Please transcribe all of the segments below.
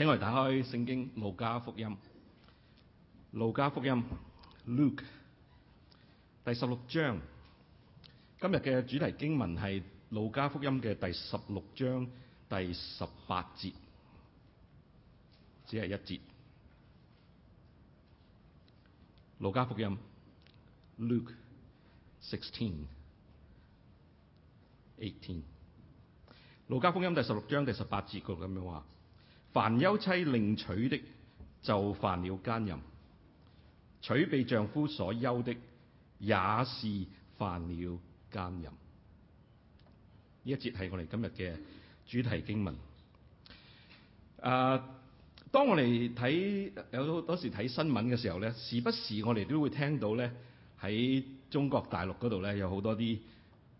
請我哋打開聖經《路加福音》，《路加福音》Luke 第十六章。今日嘅主題經文係《路加福音》嘅第十六章第十八節，只係一節。《路加福音》Luke sixteen eighteen，《路加福音》第十六章第十八節，佢咁樣話。凡休妻另娶的，就犯了奸淫；娶被丈夫所休的，也是犯了奸淫。呢一節係我哋今日嘅主題經文。啊，當我哋睇有好多時睇新聞嘅時候咧，時不時我哋都會聽到咧，喺中國大陸嗰度咧，有好多啲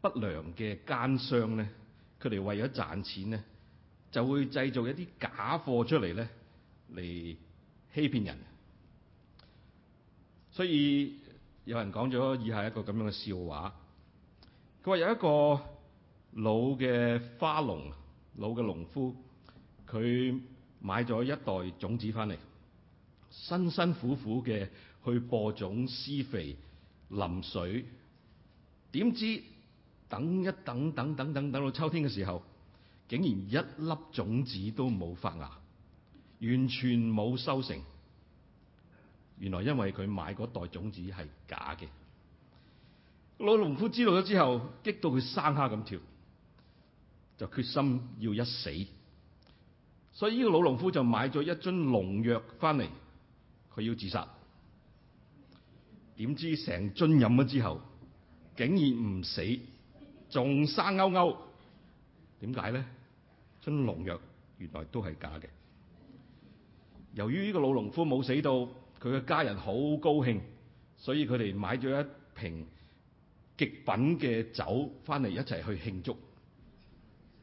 不良嘅奸商咧，佢哋為咗賺錢咧，就會製造一啲假貨出嚟咧，嚟欺騙人。所以有人講咗以下一個咁樣嘅笑話。佢話有一個老嘅花農，老嘅農夫，佢買咗一袋種子返嚟，辛辛苦苦嘅去播種、施肥、淋水，點知等一等、等等等等，等到秋天嘅時候，竟然一粒種子都冇發芽，完全冇收成。原來因為佢買嗰袋種子係假嘅。老農夫知道咗之後，激到佢生蝦咁跳，就決心要一死。所以呢個老農夫就買咗一樽農藥翻嚟，佢要自殺。點知成樽飲咗之後，竟然唔死，仲生勾勾。點解咧？樽農藥原來都係假嘅。由於呢個老農夫冇死到，佢嘅家人好高興，所以佢哋買咗一瓶極品嘅酒翻嚟一齊去慶祝。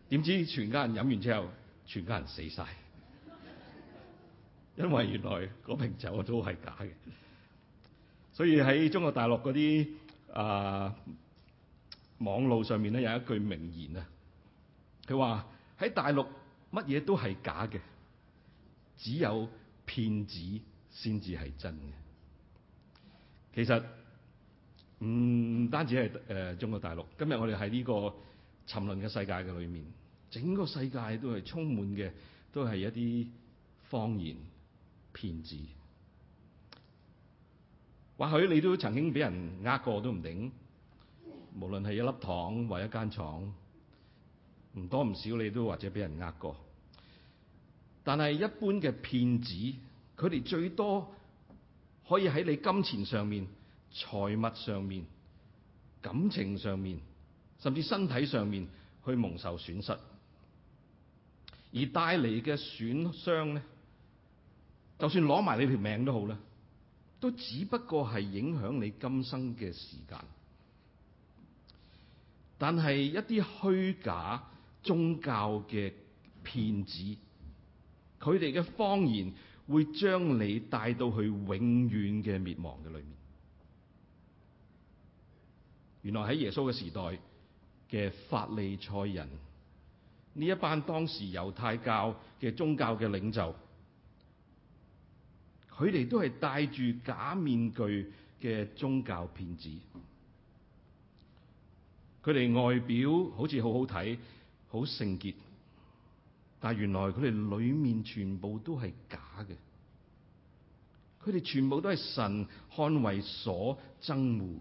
點知全家人飲完之後，全家人死晒，因為原來嗰瓶酒都係假嘅。所以喺中國大陸嗰啲啊，網路上面咧，有一句名言啊，佢話。喺大陸乜嘢都係假嘅，只有騙子先至係真嘅。其實唔、嗯、單止係誒、呃、中國大陸，今日我哋喺呢個沉淪嘅世界嘅裏面，整個世界都係充滿嘅，都係一啲謊言、騙子。或許你都曾經俾人呃過都唔定，無論係一粒糖或一間廠。唔多唔少，你都或者俾人呃過。但係一般嘅騙子，佢哋最多可以喺你金錢上面、財物上面、感情上面，甚至身體上面去蒙受損失，而帶嚟嘅損傷咧，就算攞埋你條命都好啦，都只不過係影響你今生嘅時間。但係一啲虛假宗教嘅騙子，佢哋嘅謊言會將你帶到去永遠嘅滅亡嘅裏面。原來喺耶穌嘅時代嘅法利賽人，呢一班當時猶太教嘅宗教嘅領袖，佢哋都係戴住假面具嘅宗教騙子。佢哋外表好似好好睇。好聖潔，但係原來佢哋裏面全部都係假嘅，佢哋全部都係神看為所憎惡嘅。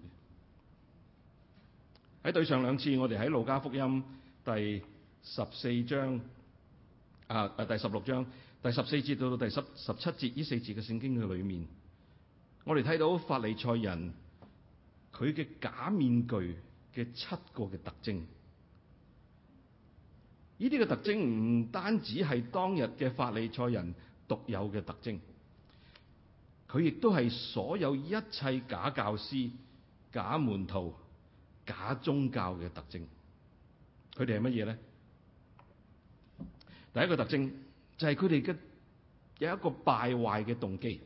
喺對上兩次，我哋喺路加福音第十四章啊、啊第十六章第十四節到到第十十七節呢四節嘅聖經嘅裏面，我哋睇到法利賽人佢嘅假面具嘅七個嘅特徵。呢啲嘅特徵唔單止係當日嘅法利賽人獨有嘅特徵，佢亦都係所有一切假教師、假門徒、假宗教嘅特徵。佢哋係乜嘢咧？第一個特徵就係佢哋嘅有一個敗壞嘅動機。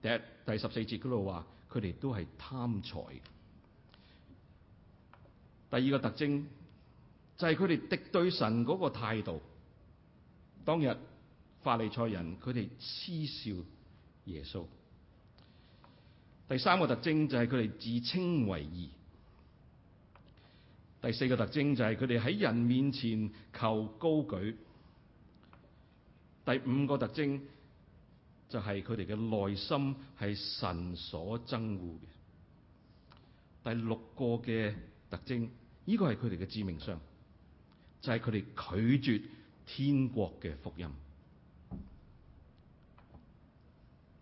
第第十四節嗰度話，佢哋都係貪財。第二個特徵。就係佢哋敵對神嗰個態度。當日法利賽人佢哋嗤笑耶穌。第三個特徵就係佢哋自稱為義。第四個特徵就係佢哋喺人面前求高舉。第五個特徵就係佢哋嘅內心係神所憎惡嘅。第六個嘅特徵，呢、這個係佢哋嘅致命傷。就係佢哋拒絕天國嘅福音，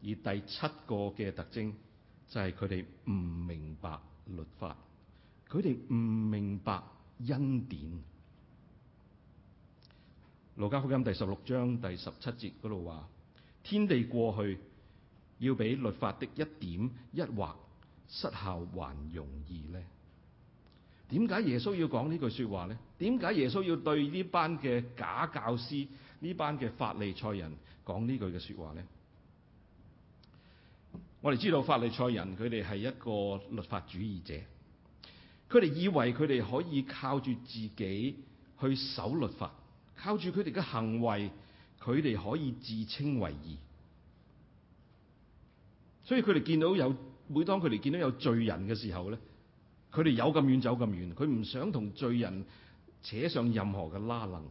而第七個嘅特徵就係佢哋唔明白律法，佢哋唔明白恩典。路加福音第十六章第十七節嗰度話：天地過去，要俾律法的一點一劃失效還容易咧。點解耶穌要講呢句說話呢？點解耶穌要對呢班嘅假教師、呢班嘅法利賽人講呢句嘅說話呢？我哋知道法利賽人，佢哋係一個律法主義者，佢哋以為佢哋可以靠住自己去守律法，靠住佢哋嘅行為，佢哋可以自稱為義。所以佢哋見到有，每當佢哋見到有罪人嘅時候呢。佢哋有咁遠走咁遠，佢唔想同罪人扯上任何嘅拉楞。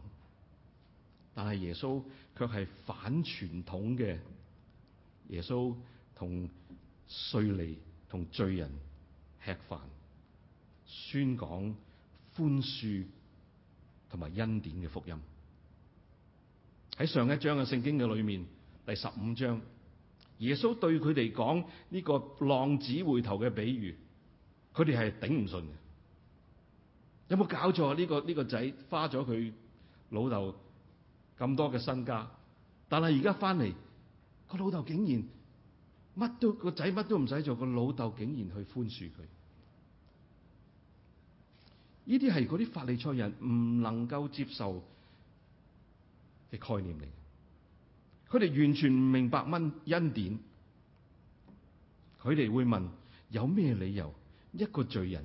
但係耶穌卻係反傳統嘅，耶穌同稅吏同罪人吃飯，宣講寬恕同埋恩典嘅福音。喺上一章嘅聖經嘅裏面，第十五章，耶穌對佢哋講呢個浪子回頭嘅比喻。佢哋係頂唔順嘅，有冇搞錯啊？呢、這個呢、這個仔花咗佢老豆咁多嘅身家，但係而家翻嚟，個老豆竟然乜都個仔乜都唔使做，個老豆竟然去寬恕佢。呢啲係啲法利賽人唔能夠接受嘅概念嚟，佢哋完全唔明白恩恩典。佢哋會問：有咩理由？一個罪人，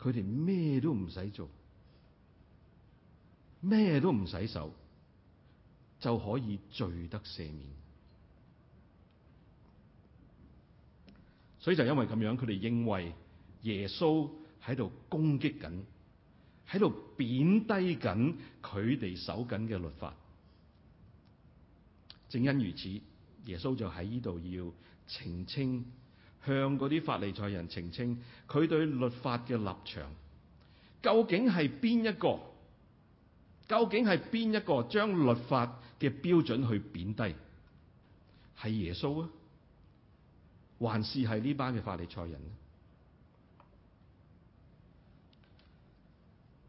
佢哋咩都唔使做，咩都唔使守，就可以罪得赦免。所以就因為咁樣，佢哋認為耶穌喺度攻擊緊，喺度貶低緊佢哋守緊嘅律法。正因如此，耶穌就喺呢度要澄清。向嗰啲法利賽人澄清，佢對律法嘅立場究竟係邊一個？究竟係邊一個將律法嘅標準去貶低？係耶穌啊，還是係呢班嘅法利賽人啊？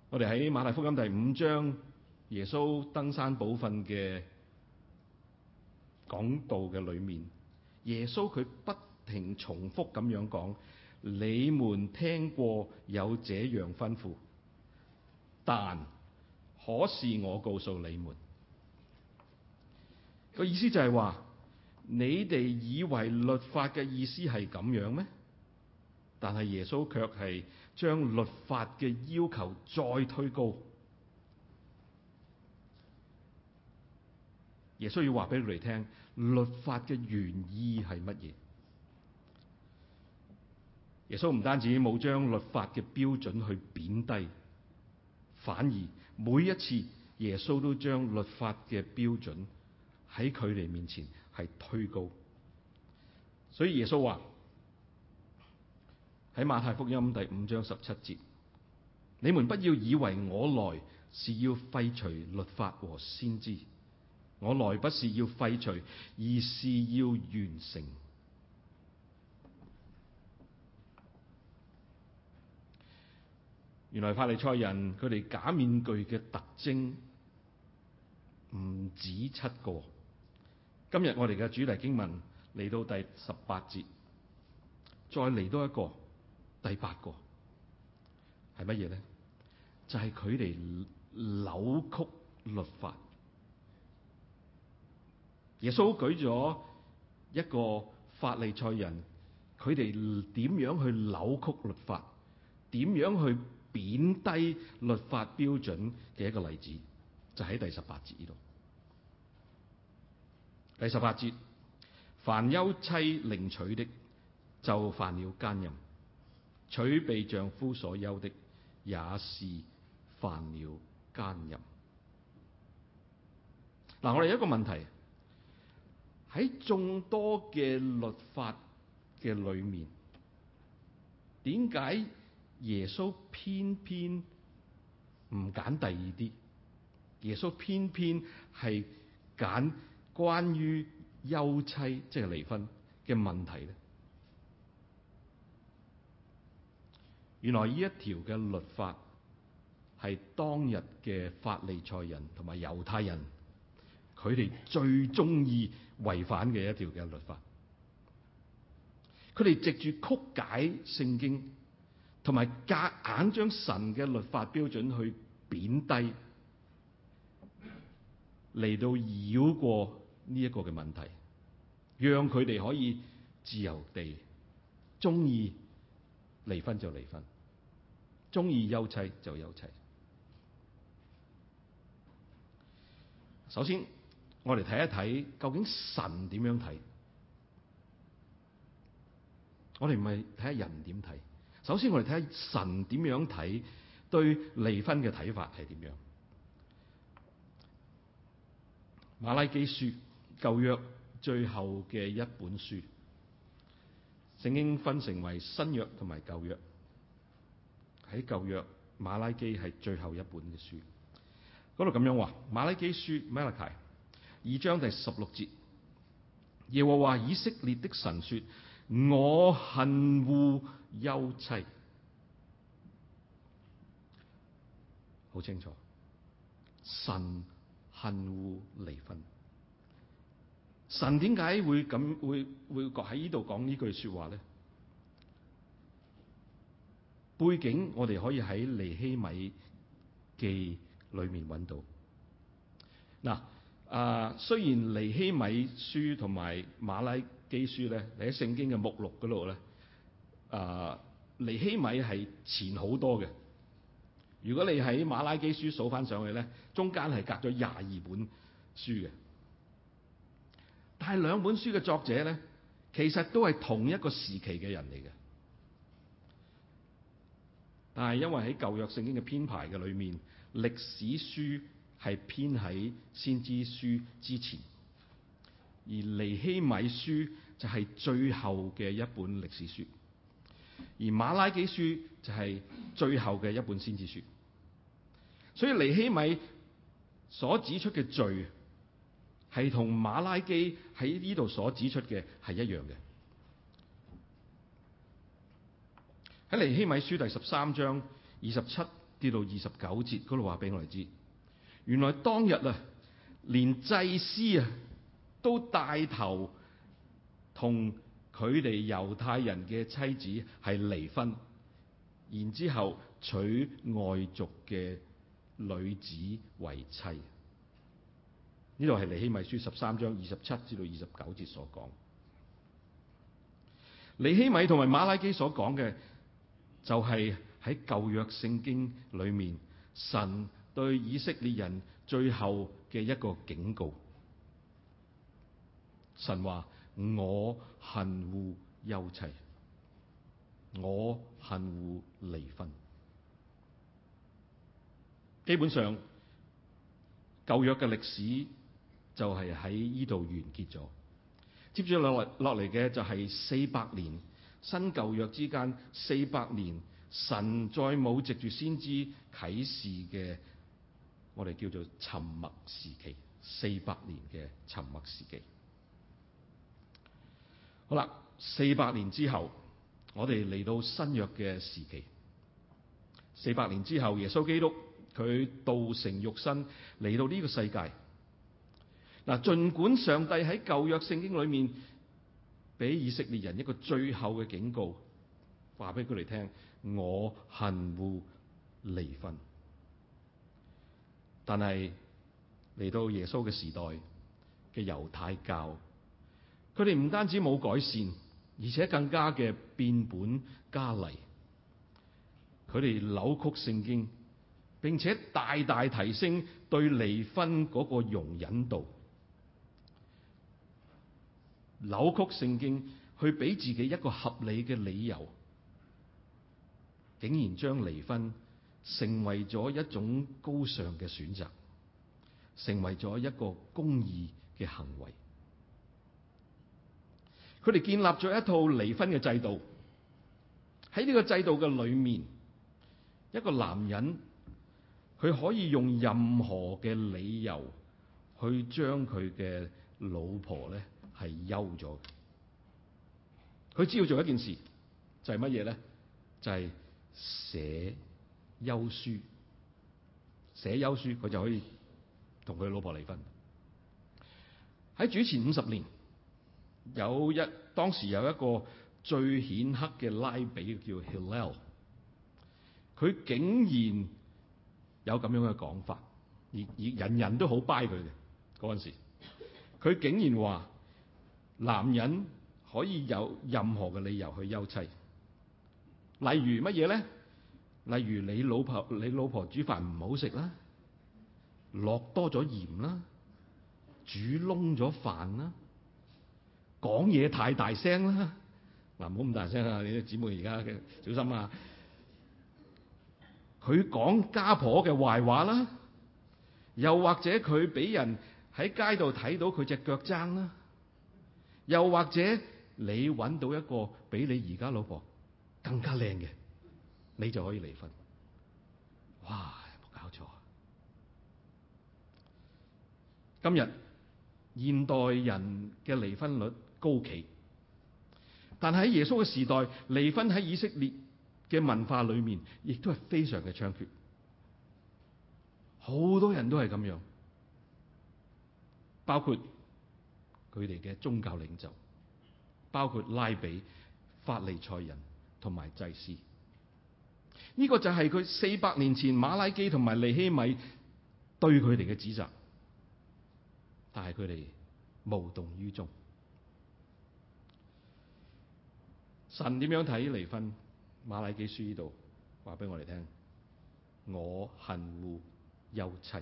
我哋喺馬太福音第五章耶穌登山寶訓嘅講道嘅裏面，耶穌佢不。停，重複咁樣講，你們聽過有這樣吩咐，但可是我告訴你們，個意思就係話，你哋以為律法嘅意思係咁樣咩？但係耶穌卻係將律法嘅要求再推高。耶穌要話俾你哋聽，律法嘅原意係乜嘢？耶穌唔單止冇將律法嘅標準去貶低，反而每一次耶穌都將律法嘅標準喺佢哋面前係推高。所以耶穌話喺馬太福音第五章十七節，你們不要以為我來是要廢除律法和先知，我來不是要廢除，而是要完成。原來法利賽人佢哋假面具嘅特徵唔止七個，今日我哋嘅主題經文嚟到第十八節，再嚟多一個，第八個係乜嘢咧？就係佢哋扭曲律法。耶穌舉咗一個法利賽人，佢哋點樣去扭曲律法？點樣去？貶低律法標準嘅一個例子，就喺第十八節呢度。第十八節，凡休妻另娶的，就犯了奸淫；娶被丈夫所休的，也是犯了奸淫。嗱、嗯，我哋有一個問題，喺眾多嘅律法嘅裏面，點解？耶穌偏偏唔揀第二啲，耶穌偏偏係揀關於休妻，即係離婚嘅問題咧。原來呢一條嘅律法係當日嘅法利賽人同埋猶太人，佢哋最中意違反嘅一條嘅律法，佢哋藉住曲解聖經。同埋夾硬將神嘅律法標準去貶低，嚟到繞過呢一個嘅問題，讓佢哋可以自由地鍾意離婚就離婚，鍾意休妻就休妻。首先，我哋睇一睇究竟神點樣睇，我哋唔係睇下人點睇。首先我哋睇神點樣睇，對離婚嘅睇法係點樣？馬拉基書舊約最後嘅一本書，聖經分成為新約同埋舊約。喺舊約馬拉基係最後一本嘅書，嗰度咁樣話：馬拉基書 （Malachi） 二章第十六節，耶和華以色列的神說：我恨惡休妻，好清楚。神恨惡離婚。神點解會咁會會喺呢度講呢句說話咧？背景我哋可以喺尼希米記裏面揾到。嗱、呃，啊雖然尼希米書同埋馬拉基書咧，你喺聖經嘅目錄嗰度咧，啊、呃，尼希米係前好多嘅。如果你喺馬拉基書數翻上去咧，中間係隔咗廿二本書嘅。但係兩本書嘅作者咧，其實都係同一個時期嘅人嚟嘅。但係因為喺舊約聖經嘅編排嘅裏面，歷史書係編喺先知書之前。而尼希米書就係最後嘅一本歷史書，而馬拉基書就係最後嘅一本先知書。所以尼希米所指出嘅罪，係同馬拉基喺呢度所指出嘅係一樣嘅。喺尼希米書第十三章二十七跌到二十九節嗰度話俾我哋知，原來當日啊，連祭司啊，都帶頭同佢哋猶太人嘅妻子係離婚，然之後娶外族嘅女子為妻。呢度係尼希米書十三章二十七至到二十九節所講。尼希米同埋馬拉基所講嘅，就係、是、喺舊約聖經裏面，神對以色列人最後嘅一個警告。神話我恨惡休妻，我恨惡離婚。基本上舊約嘅歷史就係喺呢度完結咗。接住落落嚟嘅就係四百年新舊約之間四百年，神再冇藉住先知啟示嘅，我哋叫做沉默時期四百年嘅沉默時期。好啦，四百年之後，我哋嚟到新約嘅時期。四百年之後，耶穌基督佢道成肉身嚟到呢個世界。嗱，盡管上帝喺舊約聖經裏面俾以色列人一個最後嘅警告，話俾佢哋聽：我恨惡離婚。但係嚟到耶穌嘅時代嘅猶太教。佢哋唔單止冇改善，而且更加嘅變本加厲。佢哋扭曲聖經，並且大大提升對離婚嗰個容忍度，扭曲聖經去俾自己一個合理嘅理由，竟然將離婚成為咗一種高尚嘅選擇，成為咗一個公義嘅行為。佢哋建立咗一套離婚嘅制度，喺呢個制度嘅裏面，一個男人佢可以用任何嘅理由去將佢嘅老婆咧係休咗。佢只要做一件事，就係乜嘢咧？就係、是、寫休書，寫休書，佢就可以同佢老婆離婚。喺主前五十年。有一當時有一個最顯赫嘅拉比叫 Hillel，佢竟然有咁樣嘅講法，而而人人都好 buy 佢嘅嗰陣時，佢竟然話男人可以有任何嘅理由去休妻，例如乜嘢咧？例如你老婆你老婆煮飯唔好食啦，落多咗鹽啦，煮燶咗飯啦。講嘢太大聲啦！嗱，唔好咁大聲啊！你啲姊妹而家嘅小心啊！佢講家婆嘅壞話啦，又或者佢俾人喺街度睇到佢隻腳踭啦，又或者你揾到一個比你而家老婆更加靚嘅，你就可以離婚。哇！有冇搞錯啊？今日現代人嘅離婚率～高企，但係喺耶穌嘅時代，離婚喺以色列嘅文化裏面，亦都係非常嘅猖獗。好多人都係咁樣，包括佢哋嘅宗教領袖，包括拉比、法利賽人同埋祭司。呢、這個就係佢四百年前馬拉基同埋尼希米對佢哋嘅指責，但係佢哋無動於衷。神點樣睇離婚？瑪拉基書呢度話俾我哋聽，我恨惡休妻。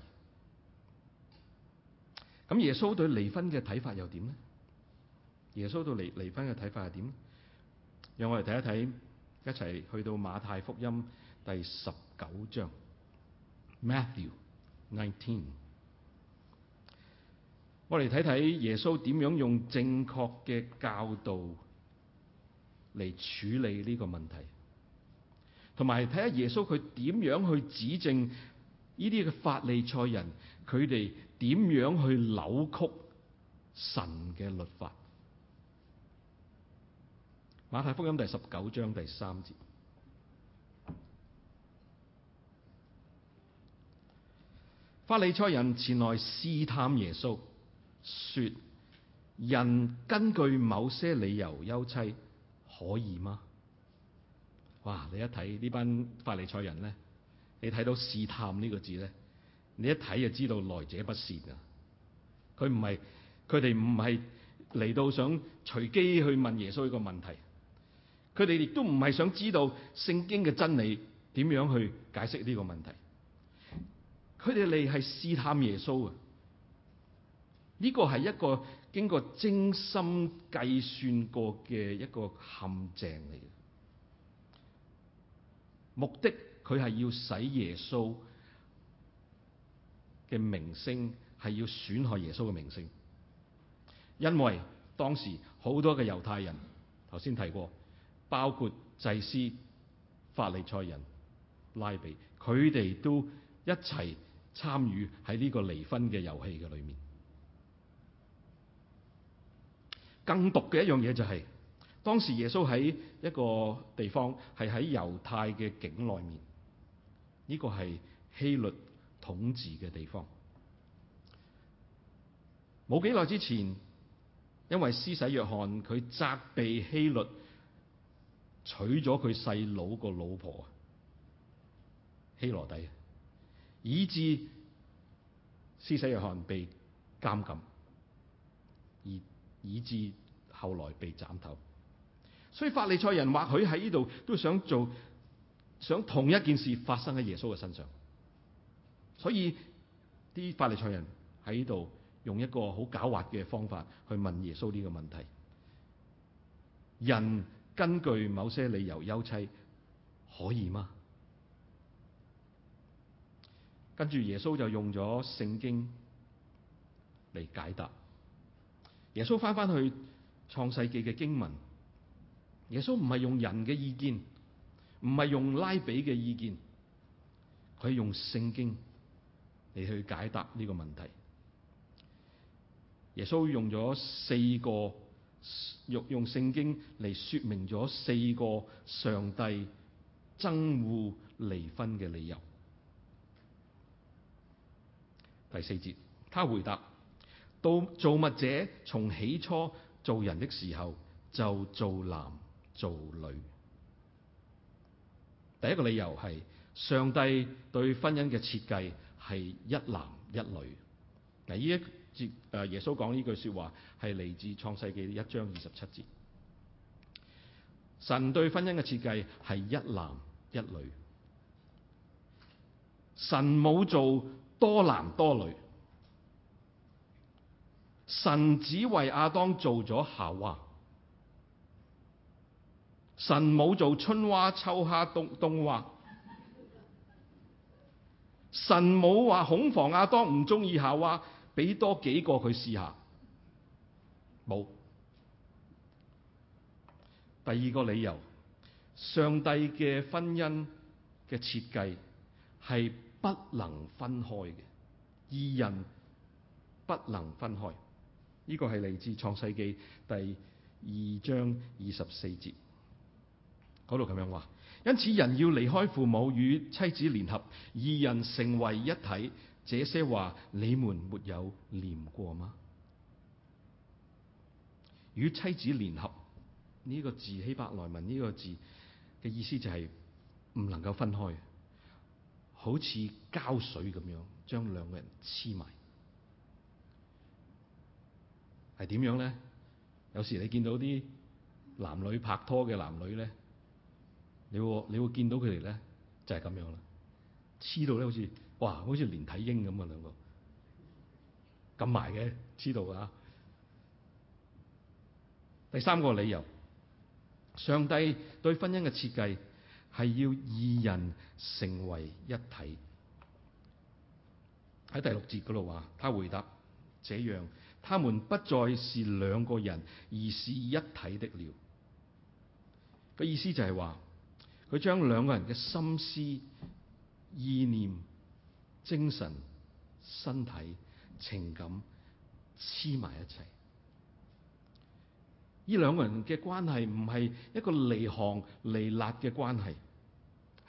咁耶穌對離婚嘅睇法又點咧？耶穌對離離婚嘅睇法係點咧？讓我哋睇一睇，一齊去到馬太福音第十九章。Matthew Nineteen，我哋睇睇耶穌點樣用正確嘅教導。嚟處理呢個問題，同埋睇下耶穌佢點樣去指正呢啲嘅法利賽人，佢哋點樣去扭曲神嘅律法。馬太福音第十九章第三節，法利賽人前來試探耶穌，說：人根據某些理由休妻，可以嗎？哇！你一睇呢班法利賽人咧，你睇到試探呢個字咧，你一睇就知道來者不善啊！佢唔係佢哋唔係嚟到想隨機去問耶穌呢個問題，佢哋亦都唔係想知道聖經嘅真理點樣去解釋呢個問題，佢哋嚟係試探耶穌啊！呢個係一個經過精心計算過嘅一個陷阱嚟嘅，目的佢係要使耶穌嘅名聲，係要損害耶穌嘅名聲，因為當時好多嘅猶太人，頭先提過，包括祭司、法利賽人、拉比，佢哋都一齊參與喺呢個離婚嘅遊戲嘅裏面。更毒嘅一樣嘢就係、是，當時耶穌喺一個地方，係喺猶太嘅境內面，呢、這個係希律統治嘅地方。冇幾耐之前，因為施洗約翰佢責備希律，娶咗佢細佬個老婆啊，希羅底，以致施洗約翰被監禁。以致後來被斬頭，所以法利賽人或許喺呢度都想做想同一件事發生喺耶穌嘅身上，所以啲法利賽人喺呢度用一個好狡猾嘅方法去問耶穌呢個問題：人根據某些理由休妻可以嗎？跟住耶穌就用咗聖經嚟解答。耶穌返返去創世紀嘅經文，耶穌唔係用人嘅意見，唔係用拉比嘅意見，佢係用聖經嚟去解答呢個問題。耶穌用咗四個，用用聖經嚟說明咗四個上帝憎惡離婚嘅理由。第四節，他回答。到造物者從起初造人的時候，就造男造女。第一個理由係上帝對婚姻嘅設計係一男一女。嗱，呢一節誒，耶穌講呢句說話係嚟自創世紀一章二十七節。神對婚姻嘅設計係一男一女，神冇做多男多女。神只為亞當做咗夏娃，神冇做春娃、秋娃、冬冬娃，神冇話恐防亞當唔中意夏娃，俾多幾個佢試下，冇。第二個理由，上帝嘅婚姻嘅設計係不能分開嘅，二人不能分開。呢個係嚟自創世記第二章二十四節度咁樣話，因此人要離開父母與妻子聯合，二人成為一體。這些話你們沒有念過嗎？與妻子聯合呢、這個字希伯來文呢個字嘅意思就係、是、唔能夠分開，好似膠水咁樣將兩個人黐埋。係點樣咧？有時你見到啲男女拍拖嘅男女咧，你會你會見到佢哋咧，就係咁樣啦，黐到咧好似哇，好似連體嬰咁啊兩個，撳埋嘅黐到啊！第三個理由，上帝對婚姻嘅設計係要二人成為一體。喺第六節嗰度話，他回答：這樣。他們不再是兩個人，而是一體的了。個意思就係話，佢將兩個人嘅心思、意念、精神、身體、情感黐埋一齊。呢兩個人嘅關係唔係一個離行離辣嘅關係，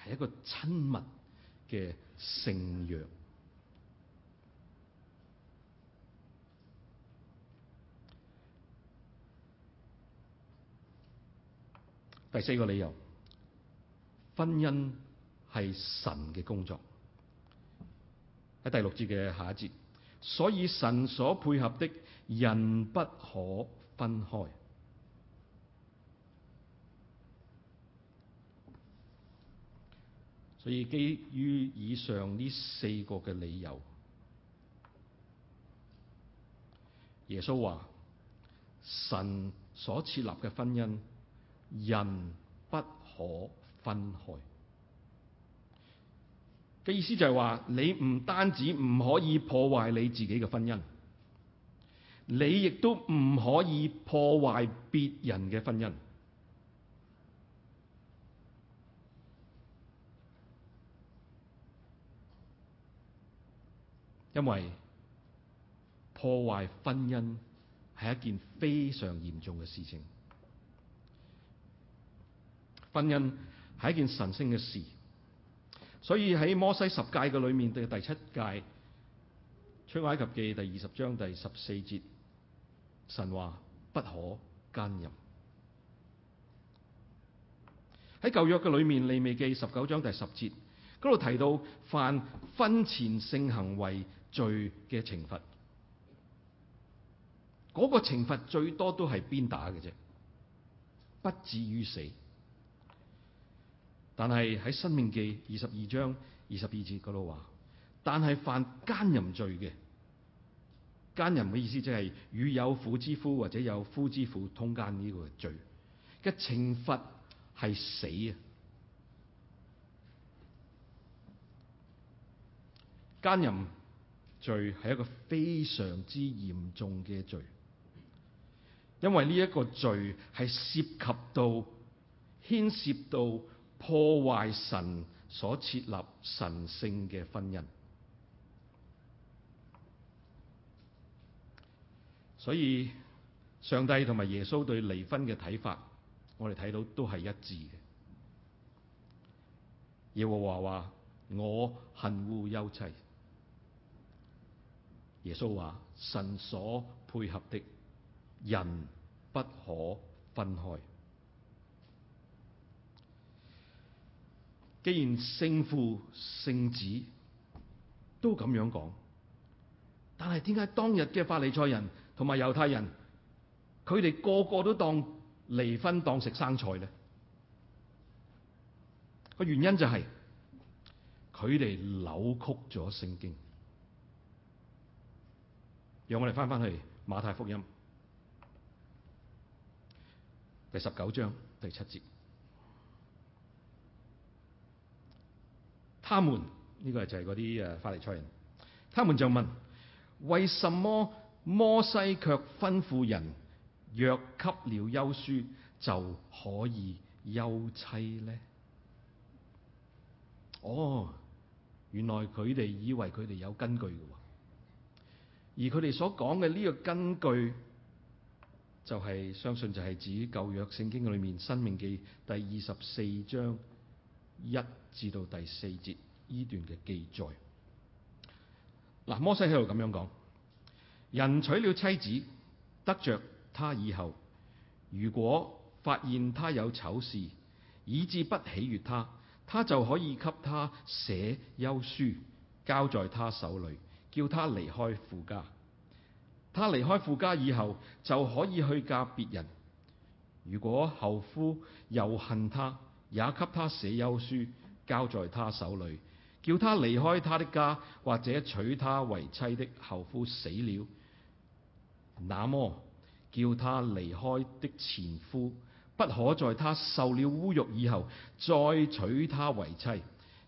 係一個親密嘅聖約。第四個理由，婚姻係神嘅工作。喺第六節嘅下一節，所以神所配合的人不可分開。所以基於以上呢四個嘅理由，耶穌話：神所設立嘅婚姻。人不可分開嘅意思就係話，你唔單止唔可以破壞你自己嘅婚姻，你亦都唔可以破壞別人嘅婚姻，因為破壞婚姻係一件非常嚴重嘅事情。婚姻係一件神聖嘅事，所以喺摩西十誡嘅裏面嘅第七誡《出埃及記》第二十章第十四節，神話不可姦淫。喺舊約嘅裏面，《利未記》十九章第十節度提到犯婚前性行為罪嘅懲罰，嗰個懲罰最多都係鞭打嘅啫，不至於死。但係喺《申命記》二十二章二十二節嗰度話，但係犯奸淫罪嘅，奸淫嘅意思即係與有婦之夫或者有夫之婦通奸呢個罪嘅懲罰係死啊！奸淫罪係一個非常之嚴重嘅罪，因為呢一個罪係涉及到牽涉到。破壞神所設立神聖嘅婚姻，所以上帝同埋耶穌對離婚嘅睇法，我哋睇到都係一致嘅。耶和華話：我恨惡休妻。耶穌話：神所配合的人不可分開。既然聖父、聖子都咁樣講，但係點解當日嘅法利賽人同埋猶太人，佢哋個個都當離婚當食生菜呢？個原因就係佢哋扭曲咗聖經。讓我哋翻翻去馬太福音第十九章第七節。他們呢個就係嗰啲誒法利賽人。他們就問：為什麼摩西卻吩咐人若給了休書就可以休妻呢？哦，原來佢哋以為佢哋有根據嘅喎，而佢哋所講嘅呢個根據就係、是、相信就係指舊約聖經裏面申命記第二十四章一。至到第四節依段嘅記載，嗱摩西喺度咁樣講：人娶了妻子，得着她以後，如果發現她有醜事，以致不喜悅她，他就可以給他寫休書，交在他手裏，叫他離開夫家。他離開夫家以後，就可以去嫁別人。如果後夫又恨他，也給他寫休書。交在他手裏，叫他離開他的家，或者娶他為妻的後夫死了，那麼叫他離開的前夫不可在他受了侮辱以後再娶她為妻，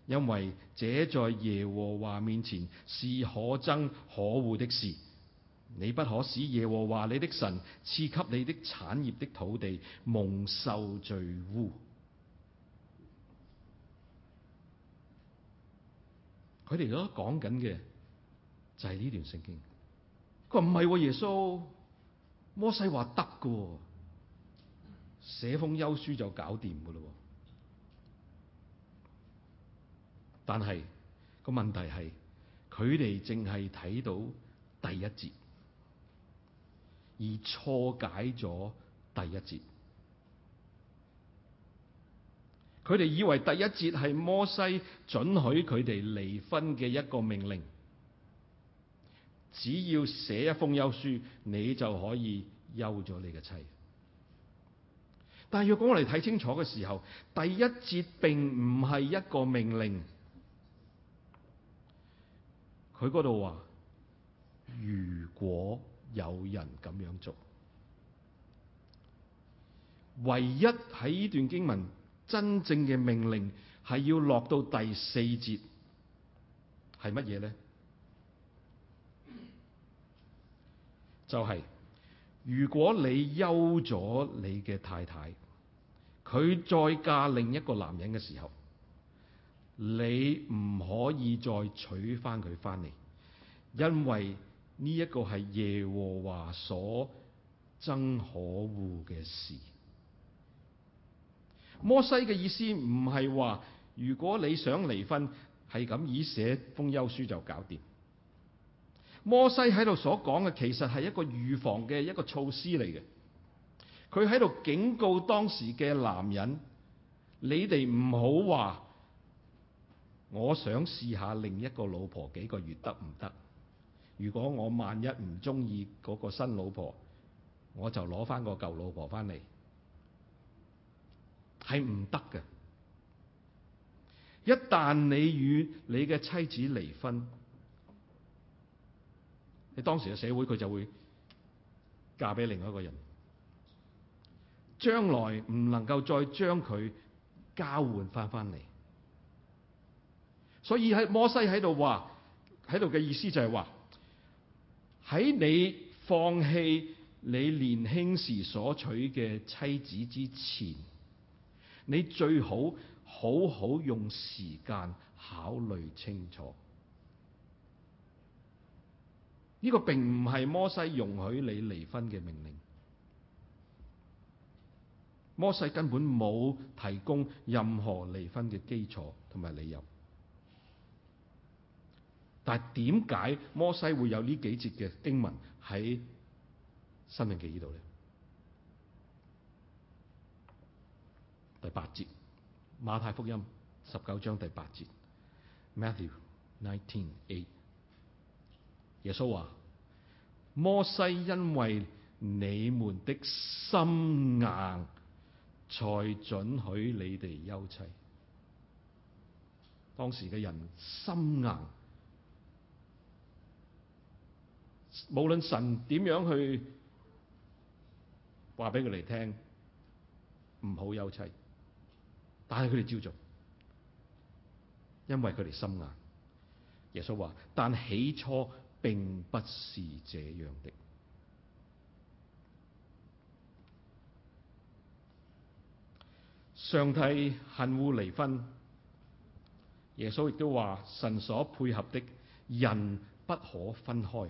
因為這在耶和華面前是可憎可惡的事。你不可使耶和華你的神賜給你的產業的土地蒙受罪污。佢哋而家講緊嘅，就係呢段聖經，佢話唔係喎，耶穌，摩西話得嘅，寫封休書就搞掂嘅咯。但係個問題係佢哋淨係睇到第一節，而錯解咗第一節。佢哋以為第一節係摩西准許佢哋離婚嘅一個命令，只要寫一封休書，你就可以休咗你嘅妻。但係若果我哋睇清楚嘅時候，第一節並唔係一個命令。佢嗰度話：如果有人咁樣做，唯一喺呢段經文。真正嘅命令係要落到第四節，係乜嘢呢？就係、是。如果你休咗你嘅太太，佢再嫁另一個男人嘅時候，你唔可以再娶翻佢翻嚟，因為呢一個係耶和華所憎可惡嘅事。摩西嘅意思唔係話如果你想離婚係咁，以寫封休書就搞掂。摩西喺度所講嘅其實係一個預防嘅一個措施嚟嘅。佢喺度警告當時嘅男人，你哋唔好話我想試下另一個老婆幾個月得唔得？如果我萬一唔中意個新老婆，我就攞翻個舊老婆翻嚟。係唔得嘅。一旦你與你嘅妻子離婚，你當時嘅社會佢就會嫁俾另外一個人，將來唔能夠再將佢交換翻翻嚟。所以喺摩西喺度話，喺度嘅意思就係話喺你放棄你年輕時所娶嘅妻子之前，你最好好好用時間考慮清楚，呢、這個並唔係摩西容許你離婚嘅命令，摩西根本冇提供任何離婚嘅基礎同埋理由。但係點解摩西會有幾節呢幾節嘅經文喺申命記呢度咧？第八節，馬太福音十九章第八節，Matthew Nineteen Eight，耶穌話：摩西因為你們的心硬，才准許你哋休妻。當時嘅人心硬，無論神點樣去話俾佢哋聽，唔好休妻。但係佢哋照做，因為佢哋心硬。耶穌話：但起初並不是這樣的。上帝恨惡離婚。耶穌亦都話：神所配合的人不可分開。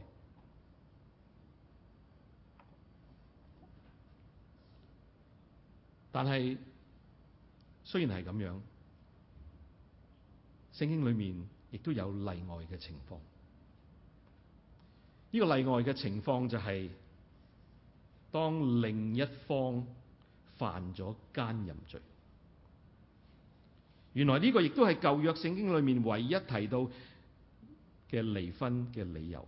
但係。雖然係咁樣，聖經裏面亦都有例外嘅情況。呢、這個例外嘅情況就係、是、當另一方犯咗奸淫罪。原來呢個亦都係舊約聖經裏面唯一提到嘅離婚嘅理由。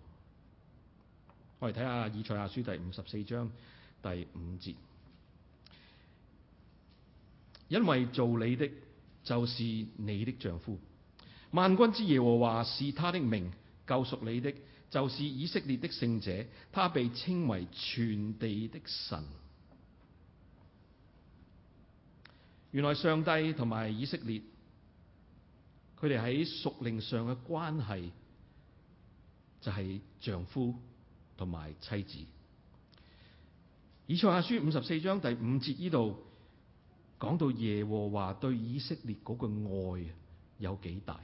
我哋睇下以賽亞書第五十四章第五節。因為做你的就是你的丈夫，萬軍之耶和華是他的名，救贖你的就是以色列的聖者，他被稱為全地的神。原來上帝同埋以色列，佢哋喺屬靈上嘅關係就係、是、丈夫同埋妻子。以賽亞書五十四章第五節呢度。講到耶和華對以色列嗰個愛有幾大，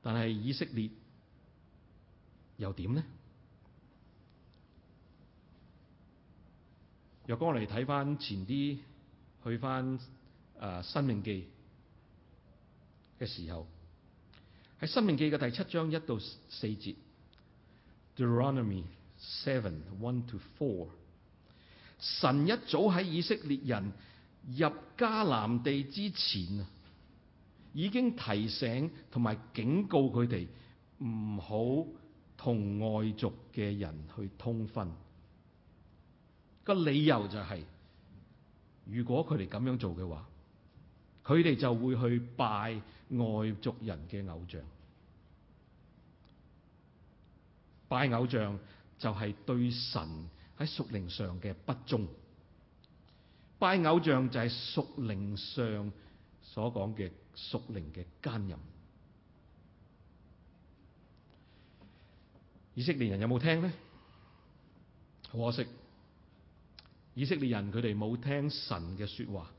但係以色列又點呢？若果我哋睇翻前啲去翻誒《申、呃、命記》嘅時候，喺《申命記》嘅第七章一到四節，De 7，《Deuteronomy》七一到四節。神一早喺以色列人入迦南地之前啊，已經提醒同埋警告佢哋唔好同外族嘅人去通婚。個理由就係，如果佢哋咁樣做嘅話，佢哋就會去拜外族人嘅偶像。拜偶像就係對神。喺屬靈上嘅不忠，拜偶像就係屬靈上所講嘅屬靈嘅奸淫。以色列人有冇聽呢？好可惜，以色列人佢哋冇聽神嘅說話。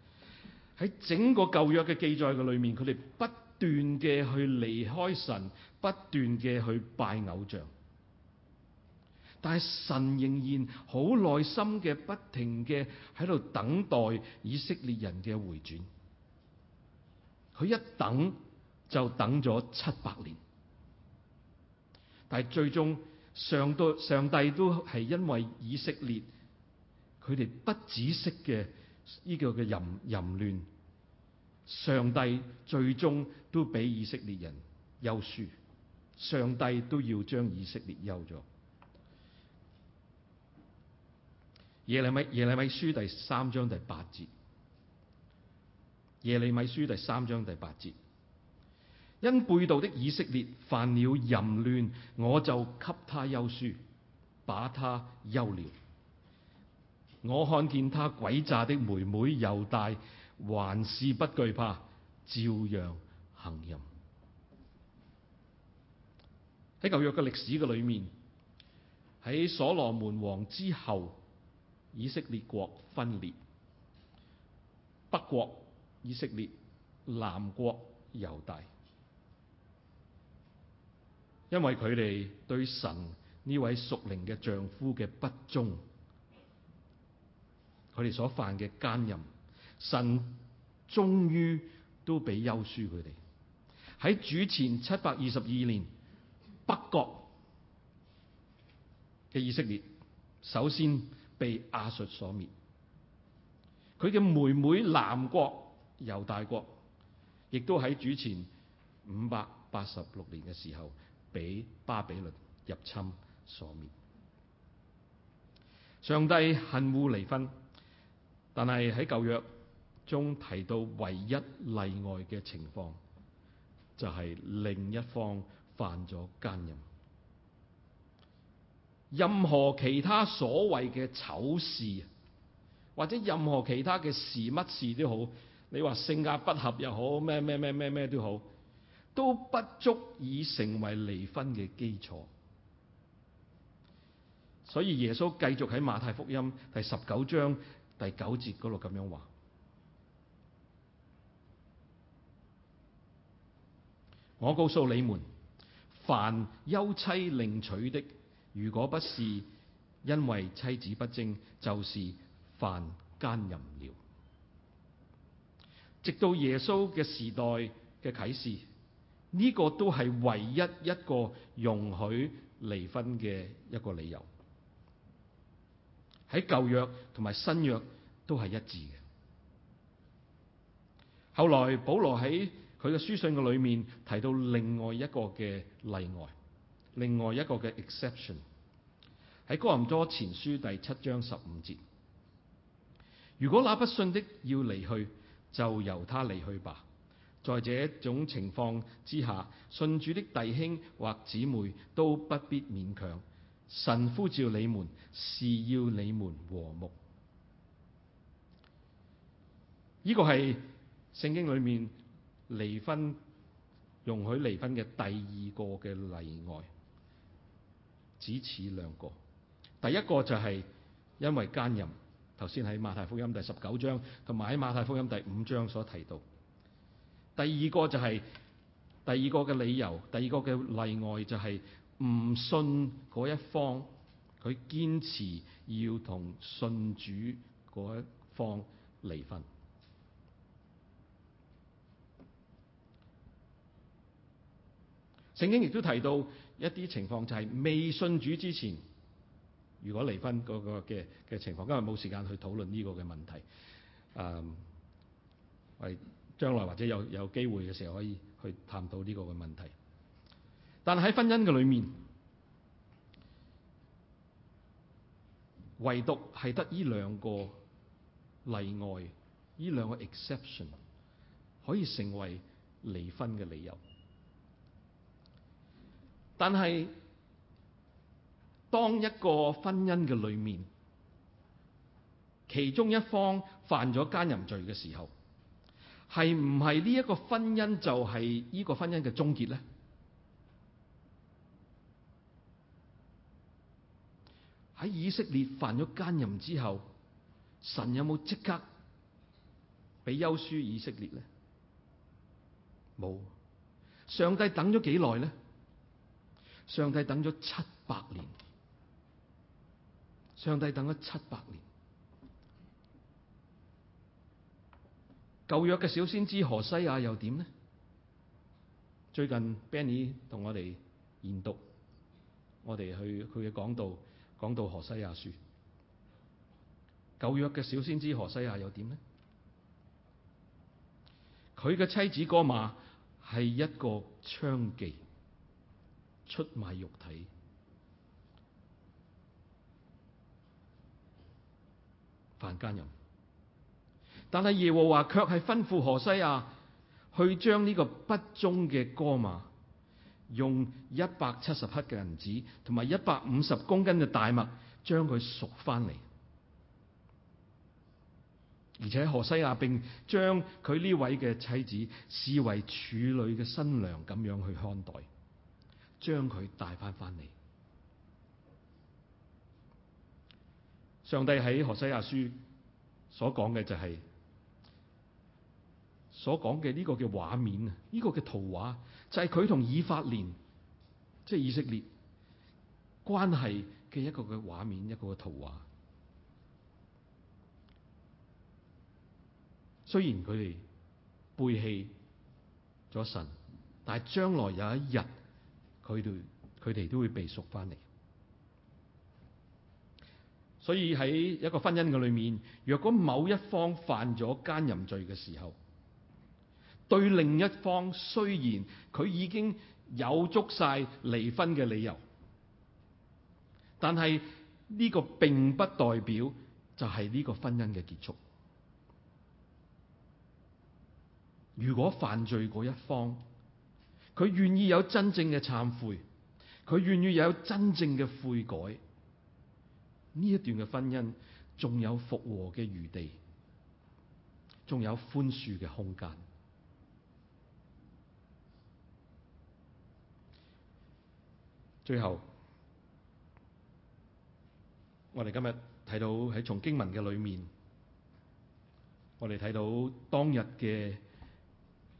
喺整個舊約嘅記載嘅裏面，佢哋不斷嘅去離開神，不斷嘅去拜偶像。但係神仍然好耐心嘅，不停嘅喺度等待以色列人嘅回轉。佢一等就等咗七百年，但係最終上到上帝都係因為以色列佢哋不止息嘅呢個嘅淫淫亂，上帝最終都俾以色列人休書，上帝都要將以色列休咗。耶利米耶利米書第三章第八節，耶利米書第三章第八節，因背道的以色列犯了淫亂，我就給他休書，把他休了。我看見他詭詐的妹妹猶大還是不懼怕，照樣行淫。喺舊約嘅歷史嘅裏面，喺所羅門王之後。以色列國分裂，北國以色列、南國猶大，因為佢哋對神呢位屬靈嘅丈夫嘅不忠，佢哋所犯嘅奸淫，神終於都俾休書佢哋。喺主前七百二十二年，北國嘅以色列首先。被亞述所滅，佢嘅妹妹南國猶大國，亦都喺主前五百八十六年嘅時候，俾巴比倫入侵所滅。上帝恨惡離婚，但係喺舊約中提到唯一例外嘅情況，就係、是、另一方犯咗奸淫。任何其他所謂嘅醜事，或者任何其他嘅事，乜事都好，你話性格不合又好，咩咩咩咩咩都好，都不足以成為離婚嘅基礎。所以耶穌繼續喺馬太福音第十九章第九節嗰度咁樣話：我告訴你們，凡休妻另娶的。如果不是因為妻子不貞，就是犯奸淫了。直到耶穌嘅時代嘅啟示，呢、呢個都係唯一一個容許離婚嘅一個理由。喺舊約同埋新約都係一致嘅。後來保羅喺佢嘅書信嘅裏面提到另外一個嘅例外。另外一個嘅 exception 喺哥林多前書第七章十五節，如果那不信的要離去，就由他離去吧。在這種情況之下，信主的弟兄或姊妹都不必勉強，神呼召你們，是要你們和睦。呢、這個係聖經裏面離婚，容許離婚嘅第二個嘅例外。只此兩個，第一個就係因為奸淫，頭先喺馬太福音第十九章，同埋喺馬太福音第五章所提到。第二個就係、是、第二個嘅理由，第二個嘅例外就係、是、唔信嗰一方，佢堅持要同信主嗰一方離婚。聖經亦都提到一啲情況，就係、是、未信主之前，如果離婚嗰個嘅嘅情況，今日冇時間去討論呢個嘅問題，誒、嗯，為將來或者有有機會嘅時候可以去探討呢個嘅問題。但係喺婚姻嘅裏面，唯獨係得呢兩個例外，呢兩個 exception 可以成為離婚嘅理由。但係，當一個婚姻嘅裏面，其中一方犯咗奸淫罪嘅時候，係唔係呢一個婚姻就係呢個婚姻嘅終結咧？喺以色列犯咗奸淫之後，神有冇即刻俾休書以色列咧？冇，上帝等咗幾耐咧？上帝等咗七百年，上帝等咗七百年。舊約嘅小先知何西亞又點呢？最近 Benny 同我哋研讀，我哋去佢嘅講道，講到何西亞書。舊約嘅小先知何西亞又點呢？佢嘅妻子哥瑪係一個娼妓。出賣肉體，犯奸淫。但係耶和華卻係吩咐何西阿去將呢個不忠嘅歌瑪，用一百七十克嘅銀子同埋一百五十公斤嘅大麥將佢贖翻嚟。而且何西阿並將佢呢位嘅妻子視為處女嘅新娘咁樣去看待。將佢帶翻翻嚟。上帝喺何西阿書所講嘅就係所講嘅呢個嘅畫面啊，呢個嘅圖畫就係佢同以法蓮，即係以色列關係嘅一個嘅畫面，一個嘅圖畫。雖然佢哋背棄咗神，但係將來有一日。佢哋佢哋都會被贖翻嚟，所以喺一個婚姻嘅裏面，若果某一方犯咗奸淫罪嘅時候，對另一方雖然佢已經有足晒離婚嘅理由，但係呢個並不代表就係呢個婚姻嘅結束。如果犯罪嗰一方，佢願意有真正嘅懺悔，佢願意有真正嘅悔改，呢一段嘅婚姻仲有復和嘅餘地，仲有寬恕嘅空間。最後，我哋今日睇到喺從經文嘅裏面，我哋睇到當日嘅。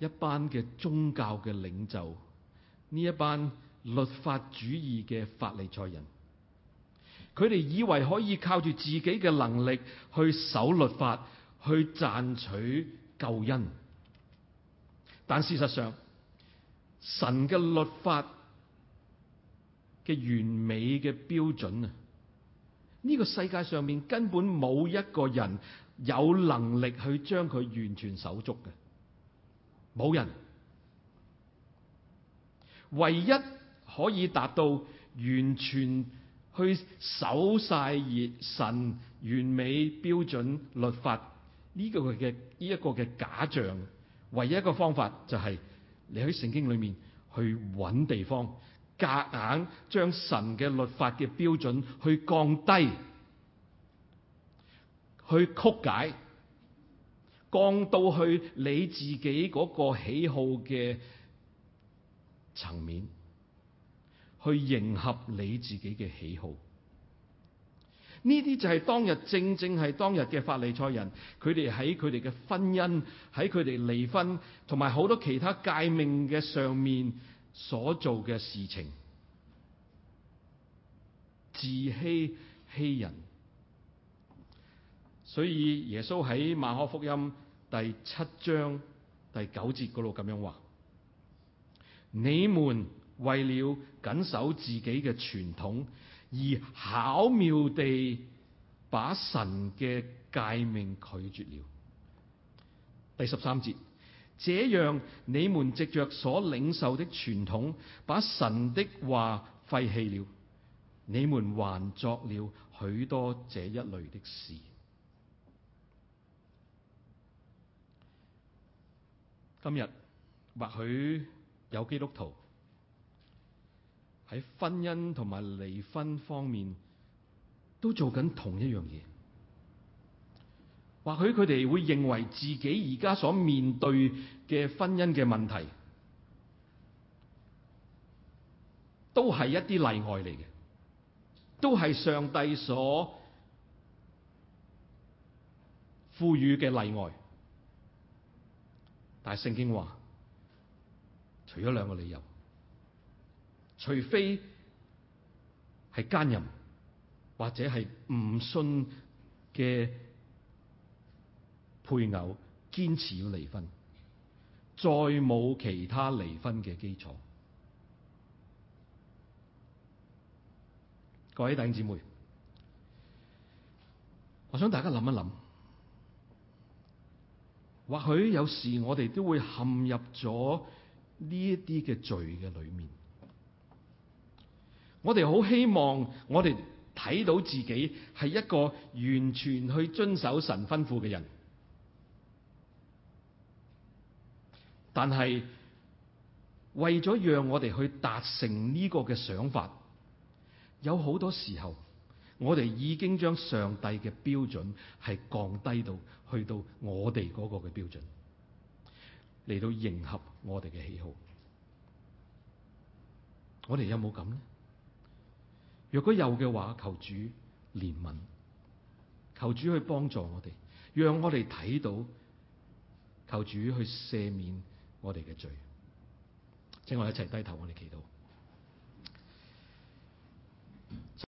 一班嘅宗教嘅領袖，呢一班律法主義嘅法利賽人，佢哋以為可以靠住自己嘅能力去守律法，去賺取救恩。但事實上，神嘅律法嘅完美嘅標準啊，呢個世界上面根本冇一個人有能力去將佢完全守足嘅。冇人，唯一可以達到完全去守晒神完美標準律法呢個佢個嘅呢一個嘅假象，唯一一個方法就係你喺聖經裏面去揾地方，夾硬將神嘅律法嘅標準去降低，去曲解。降到去你自己嗰個喜好嘅層面，去迎合你自己嘅喜好。呢啲就係當日正正係當日嘅法利賽人，佢哋喺佢哋嘅婚姻、喺佢哋離婚同埋好多其他誡命，嘅上面所做嘅事情，自欺欺人。所以耶穌喺馬可福音第七章第九節嗰度咁樣話：你們為了謹守自己嘅傳統，而巧妙地把神嘅誡命拒絕了。第十三節，這樣你們借着所領受的傳統，把神的話廢棄了。你們還作了許多這一類的事。今日，或許有基督徒喺婚姻同埋離婚方面都做緊同一樣嘢。或許佢哋會認為自己而家所面對嘅婚姻嘅問題都係一啲例外嚟嘅，都係上帝所賦予嘅例外。但聖經話，除咗兩個理由，除非係姦淫或者係唔信嘅配偶堅持要離婚，再冇其他離婚嘅基礎。各位弟兄姊妹，我想大家諗一諗。或許有時我哋都會陷入咗呢一啲嘅罪嘅裏面。我哋好希望我哋睇到自己係一個完全去遵守神吩咐嘅人，但係為咗讓我哋去達成呢個嘅想法，有好多時候。我哋已經將上帝嘅標準係降低到去到我哋嗰個嘅標準，嚟到迎合我哋嘅喜好。我哋有冇咁呢？如果有嘅話，求主憐憫，求主去幫助我哋，讓我哋睇到，求主去赦免我哋嘅罪。請我一齊低頭，我哋祈禱。